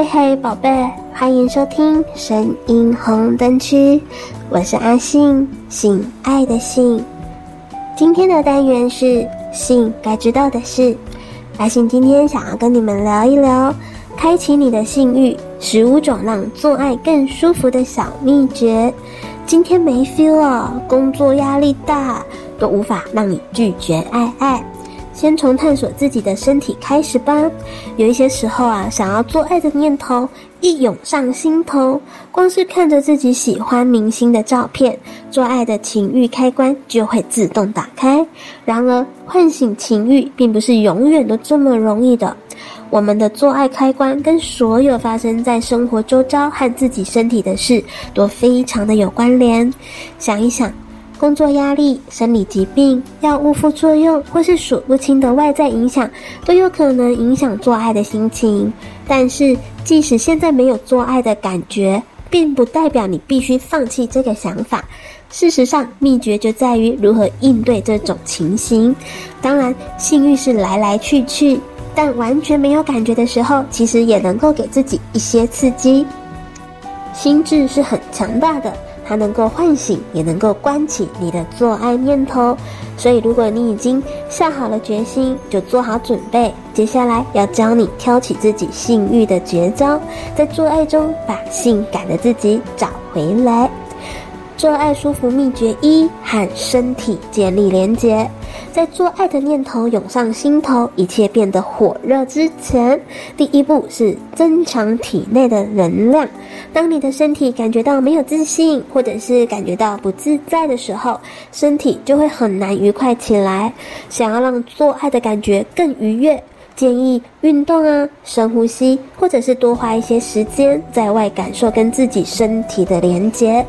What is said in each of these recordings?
嘿嘿，寶貝，歡迎收聽《聲音紅燈區》，我是阿信，性愛的性，今天的單元是信，該知道的事。阿信今天想要跟你們聊一聊，開啟你的性慾，十五種讓做愛更舒服的小秘訣。今天沒 feel 哦，工作壓力大，都無法讓你拒絕愛愛。先從探索自己的身體開始吧。有一些時候啊，想要做愛的念頭一湧上心頭，光是看着自己喜歡明星的照片，做愛的情慾開關就會自動打開。然而，喚醒情慾並不是永遠都這麼容易的。我們的做愛開關跟所有發生在生活周遭和自己身體的事都非常的有關聯。想一想。工作壓力、生理疾病、藥物副作用，或是數不清的外在影響，都有可能影響做愛的心情。但是，即使現在沒有做愛的感覺，並不代表你必須放棄這個想法。事實上，秘訣就在於如何應對這種情形。當然，性欲是來來去去，但完全沒有感覺的時候，其實也能夠給自己一些刺激。心智是很強大的。它能夠喚醒，也能夠關起你的做愛念頭，所以如果你已經下好了決心，就做好準備。接下來要教你挑起自己性欲的絕招，在做愛中把性感的自己找回來。做愛舒服祕訣一：和身體建立連結。在做愛的念頭湧上心頭，一切變得火熱之前，第一步是增強體內的能量。當你的身體感覺到沒有自信，或者是感覺到不自在的時候，身體就會很難愉快起來。想要讓做愛的感覺更愉悅。建議運動啊，深呼吸，或者是多花一些時間在外感受跟自己身體的連接。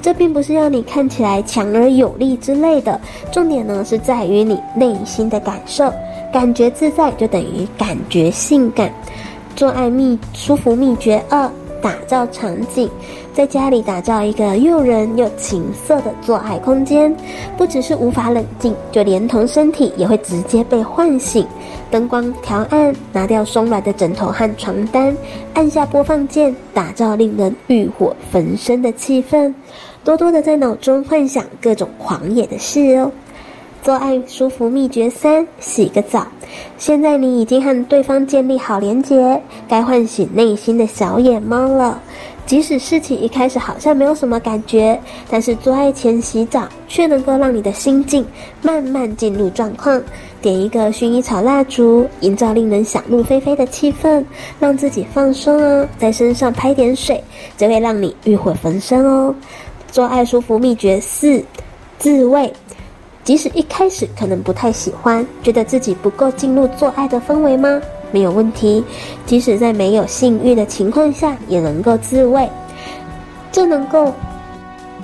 這並不是讓你看起來強而有力之類的，重點呢是在於你內心的感受，感覺自在就等於感覺性感。做愛秘舒服祕訣二：打造場景。在家裡打造一個誘人又情色的做愛空間，不只是無法冷靜，就連同身體也會直接被喚醒。燈光調暗，拿掉鬆軟的枕頭和床單，按下播放鍵，打造令人欲火焚身的氣氛。多多的在腦中幻想各種狂野的事哦。做愛舒服秘訣三：洗個澡。現在你已經和對方建立好連結，該喚醒內心的小野貓了。即使事情一開始好像沒有什麼感覺，但是做愛前洗澡卻能夠讓你的心境慢慢進入狀況。點一個薰衣草蠟燭，營造令人想入非非的氣氛，讓自己放鬆哦。在身上拍點水，就會讓你慾火焚身哦。做愛舒服秘訣四：自慰。即使一開始可能不太喜歡，覺得自己不夠進入做愛的氛圍嗎？沒有問題，即使在沒有性慾的情況下也能夠自慰，這能夠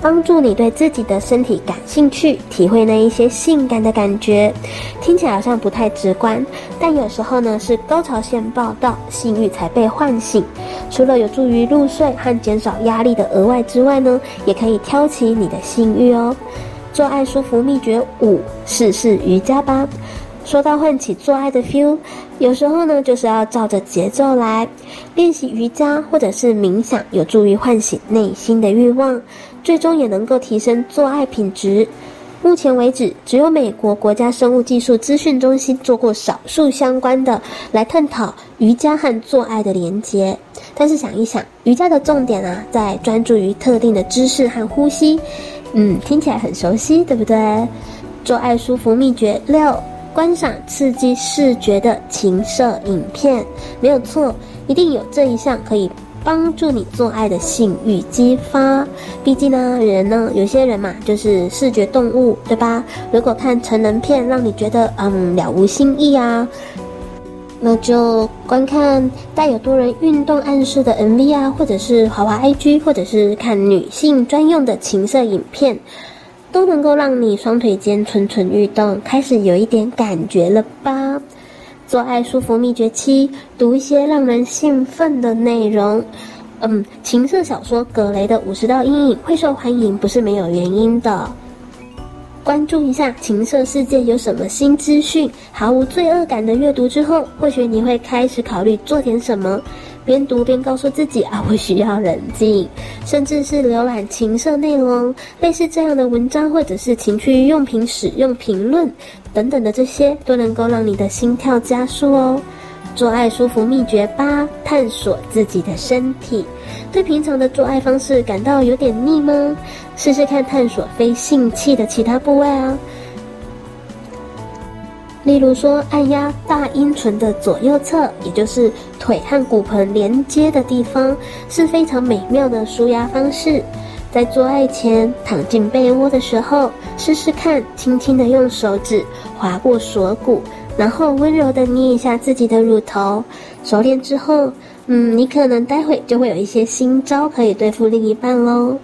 幫助你對自己的身體感興趣，體會那一些性感的感覺。聽起來好像不太直觀，但有時候呢，是高潮先報到，性慾才被喚醒。除了有助於入睡和減少壓力的額外之外呢，也可以挑起你的性慾哦。做愛舒服秘訣五，試試瑜伽吧。說到喚起做愛的 feel，有時候呢就是要照着節奏來練習瑜伽或者是冥想，有助於喚醒內心的慾望，最終也能夠提升做愛品質。目前為止，只有美國國家生物技術資訊中心做過少數相關的來探討瑜伽和做愛的連結。但是想一想，瑜伽的重點呢、啊、在專注於特定的知識和呼吸，嗯，聽起來很熟悉，對不對？做愛舒服秘訣六。觀賞刺激視覺的情色影片，沒有錯，一定有這一項可以幫助你做愛的性慾激發。畢竟呢，人呢，有些人嘛，就是視覺動物，對吧？如果看成人片讓你覺得嗯了無新意啊，那就觀看帶有多人運動暗示的 MV 啊，或者是滑滑 IG，或者是看女性專用的情色影片。都能夠讓你雙腿間蠢蠢欲動，開始有一點感覺了吧？做愛舒服秘訣七：讀一些讓人興奮的內容。嗯，情色小說《格雷的五十道陰影》會受歡迎，不是沒有原因的。關注一下情色世界有什麼新資訊，毫無罪惡感的閱讀之後，或許你會開始考慮做點什麼。邊讀邊告訴自己啊，我需要冷靜，甚至是瀏覽情色內容、類似這樣的文章，或者是情趣用品使用評論等等的這些，都能夠讓你的心跳加速哦。做愛舒服秘訣八：探索自己的身體。對平常的做愛方式感到有點膩嗎？試試看探索非性器的其他部位啊。例如說，按壓大陰唇的左右側，也就是腿和骨盆連接的地方，是非常美妙的舒壓方式。在做愛前，躺進被窩的時候，試試看，輕輕地用手指滑過鎖骨，然後溫柔地捏一下自己的乳頭。熟練之後，嗯，你可能待會就會有一些新招可以對付另一半嘍。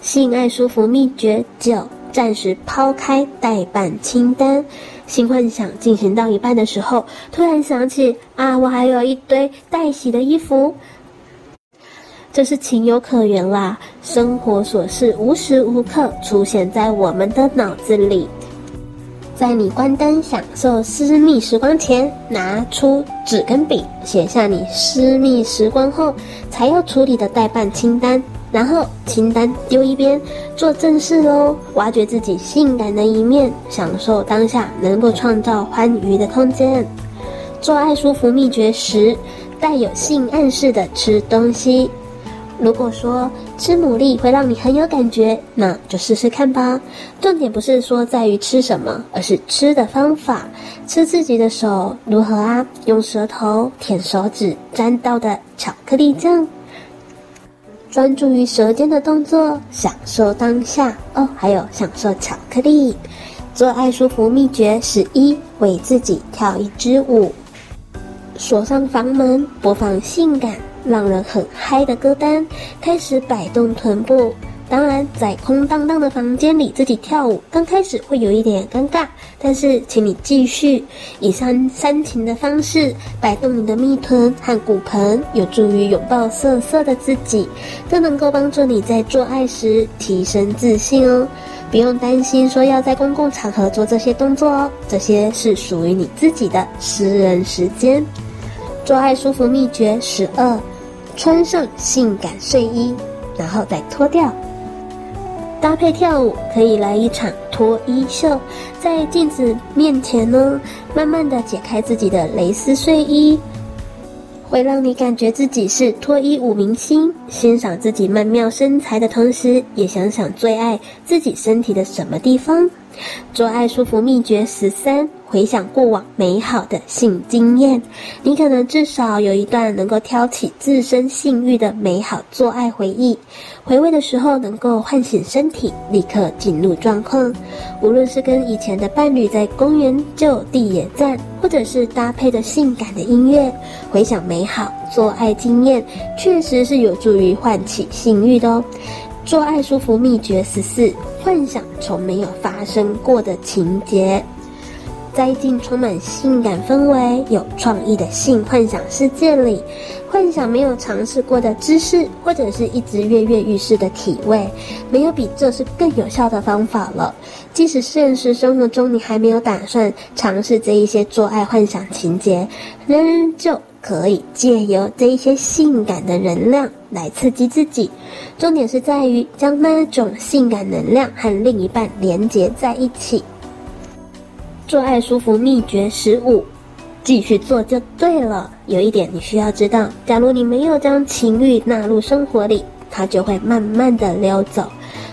性愛舒服秘訣九：暫時拋開待辦清單。新幻想進行到一半的時候，突然想起啊，我還有一堆待洗的衣服。這是情有可原啦！生活瑣事無時無刻出現在我們的腦子裡。在你關燈享受私密時光前，拿出紙跟筆，寫下你私密時光後才要處理的待辦清單。然後清單丟一邊，做正事嘍！挖掘自己性感的一面，享受當下，能夠創造歡愉的空間。做愛舒服秘訣十：帶有性暗示的吃東西。如果說吃牡蠣會讓你很有感覺，那就試試看吧。重點不是說在於吃什麼，而是吃的方法。吃自己的手如何啊？用舌頭舔手指沾到的巧克力醬。專注於舌尖的動作，享受當下哦，oh, 還有享受巧克力。做愛舒服祕訣十一：為自己跳一支舞，鎖上房門，播放性感讓人很嗨的歌單，開始擺動臀部。當然，在空蕩蕩的房間裡自己跳舞，剛開始會有一點尷尬，但是請你繼續以上煽情的方式擺動你的蜜臀和骨盆，有助於擁抱色色的自己，更能夠幫助你在做愛時提升自信哦。不用擔心說要在公共場合做這些動作哦，這些是屬於你自己的私人時間。做愛舒服秘訣十二，穿上性感睡衣，然後再脫掉。搭配跳舞，可以來一場脫衣秀，在鏡子面前呢，慢慢地解開自己的蕾絲睡衣，會讓你感覺自己是脫衣舞明星。欣賞自己曼妙身材的同時，也想想最愛自己身體的什麼地方。做愛舒服秘訣十三：回想過往美好的性經驗，你可能至少有一段能夠挑起自身性慾的美好做愛回憶。回味的時候，能夠喚醒身體，立刻進入狀況。無論是跟以前的伴侶在公園就地野戰，或者是搭配的性感的音樂，回想美好做愛經驗，確實是有助於喚起性慾的哦。做愛舒服秘訣十四。幻想從沒有發生過的情節，栽進充滿性感氛圍、有創意的性幻想世界裡，幻想沒有嘗試過的姿勢，或者是一直躍躍欲試的體位，沒有比這是更有效的方法了。即使現實生活中你還沒有打算嘗試這一些做愛幻想情節，仍然就可以借由這一些性感的能量。來刺激自己，重點是在於將那種性感能量和另一半連接在一起。做愛舒服祕訣十五，繼續做就對了。有一點你需要知道，假如你沒有將情欲納入生活裡，它就會慢慢的溜走。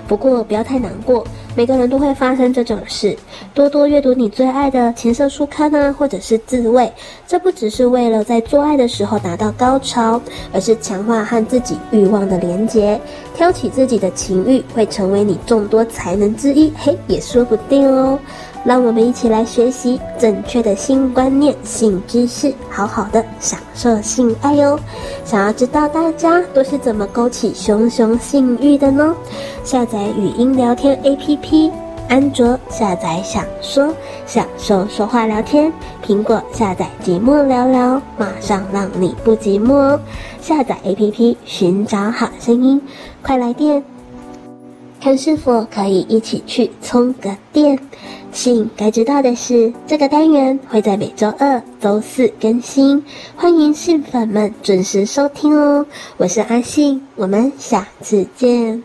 不過不要太難過。每個人都會發生這種事，多多閱讀你最愛的情色書刊啊，或者是自慰，這不只是為了在做愛的時候達到高潮，而是強化和自己欲望的連結，挑起自己的情欲會成為你眾多才能之一，嘿，也說不定哦。讓我們一起來學習正確的性觀念、性知識，好好的享受性愛哦。想要知道大家都是怎麼勾起熊熊性欲的呢？下載語音聊天 APP，安卓下載享說，享受說話聊天，蘋果下載寂寞聊聊，馬上讓你不寂寞哦。下載 APP 尋找好聲音，快來電！看是否可以一起去充個電。性該知道的事，這個單元會在每周二、周四更新，歡迎性粉們準時收聽哦。我是阿信，我們下次見。